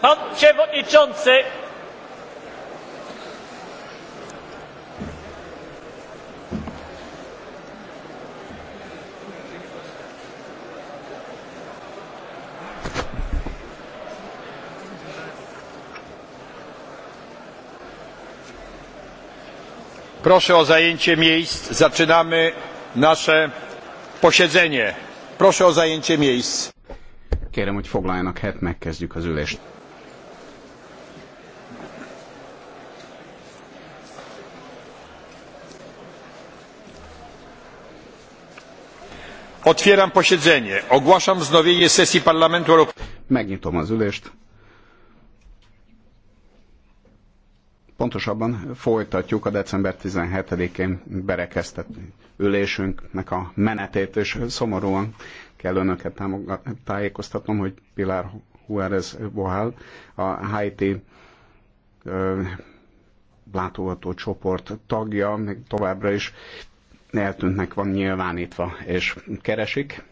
Pan przewodniczący! Proszę o zajęcie miejsc. Zaczynamy nasze posiedzenie. Proszę o zajęcie miejsc. Kérem, hogy foglaljanak helyet, megkezdjük az ülést. Otwieram posiedzenie. Ogłaszam wznowienie sesji Parlamentu Europejskiego. Megnyitom az ülést. Pontosabban folytatjuk a december 17-én berekeztett ülésünknek a menetét, és szomorúan kell önöket tájékoztatnom, hogy Pilar Juárez Bohal a Haiti ö, látogató csoport tagja, még továbbra is eltűntnek van nyilvánítva, és keresik.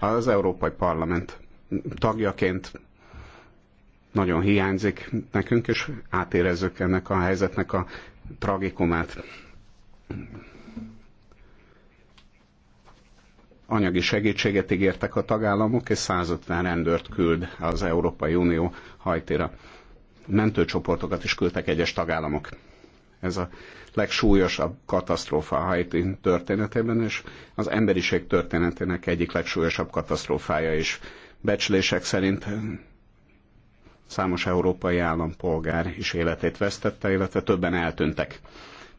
Az Európai Parlament tagjaként nagyon hiányzik nekünk, és átérezzük ennek a helyzetnek a tragikumát. Anyagi segítséget ígértek a tagállamok, és 150 rendőrt küld az Európai Unió hajtéra. Mentőcsoportokat is küldtek egyes tagállamok. Ez a legsúlyosabb katasztrófa a Haiti történetében, és az emberiség történetének egyik legsúlyosabb katasztrófája is. Becslések szerint számos európai állampolgár is életét vesztette, illetve többen eltűntek.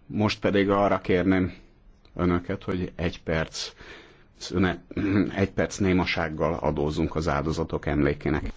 Most pedig arra kérném önöket, hogy egy perc, szünet, egy perc némasággal adózunk az áldozatok emlékének.